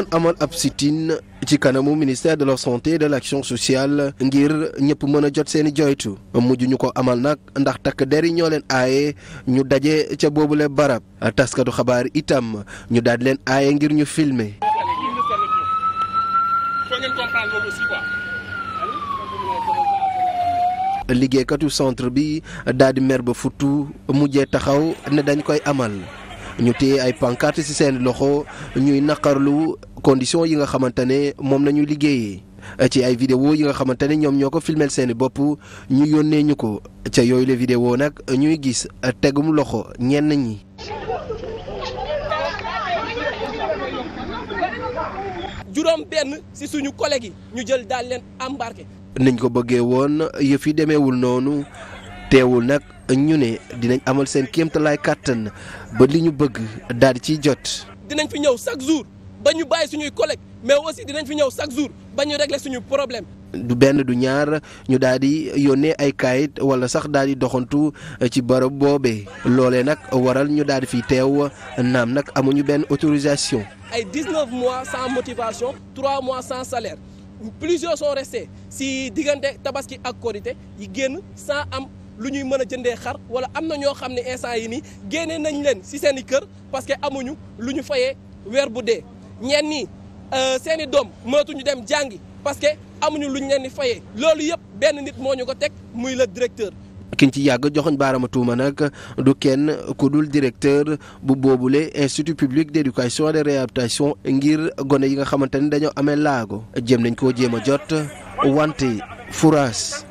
doon amal ab sit ci kanamu ministère de la santé et de l'action sociale ngir ñëpp mën a jot seen i joytu mujj ñu ko amal nag ndax takk der ñoo leen aaye ñu daje ca boobule barab taskatu xabaar itam ñu daal leen aaye ngir ñu filmer. liggéeykatu centre bi daal di mer ba futu mujjee taxaw ne dañ koy amal. ñu téye ay pancarte ci seen loxo ñuy naqarlu condition yi nga xamante ne moom la ñu liggéeyee ci ay vidéo yi nga xamante ne ñoom ñoo ko filmeel seeni bopp ñu yónnee ñu ko ca yooyu la vidéo nag ñuy gis tegum loxo ñenn ñi. juróom benn ci suñu collègue ñu jël daal leen embarqué. niñ ko bëggee woon yëf yi demeewul noonu. teewul nag ñu ne dinañ amal seen kéemtalaay kàttan ba li ñu bëgg daal di ciy jot. dinañ fi ñëw chaque jour ba ñu bàyyi suñuy collègues mais aussi dinañ fi ñëw chaque jour ba ñu régler suñu problème. du benn du ñaar ñu daal di yónnee ay kaayit wala sax daal di doxantu ci barab boobee loole nag waral ñu daal di fi teew naam nag amuñu benn autorisation. ay 19 mois sans motivation 3 mois sans salaire plusieurs sont restés si diggante tabaski ak korité yi génn sans am. lu ñuy mën a jëndee xar wala am na ñoo xam ne instant yi nii génnee nañ leen ci seen i kër parce que amuñu lu ñu fayee weer bu dee ñenn ñi euh, seen i doom mënatuñu dem jàngi parce que amuñu luñ leen di fayee loolu yëpp benn nit moo ñu ko teg muy la directeur. kiñ ci yàgg joxuñ baarama tuuma nag du kenn ku dul directeur bu boobu boobule institut public d'éducation et de réhabilitation ngir gone yi nga xamante ni dañoo amee laago jéem nañ koo jéem a jot wante furaas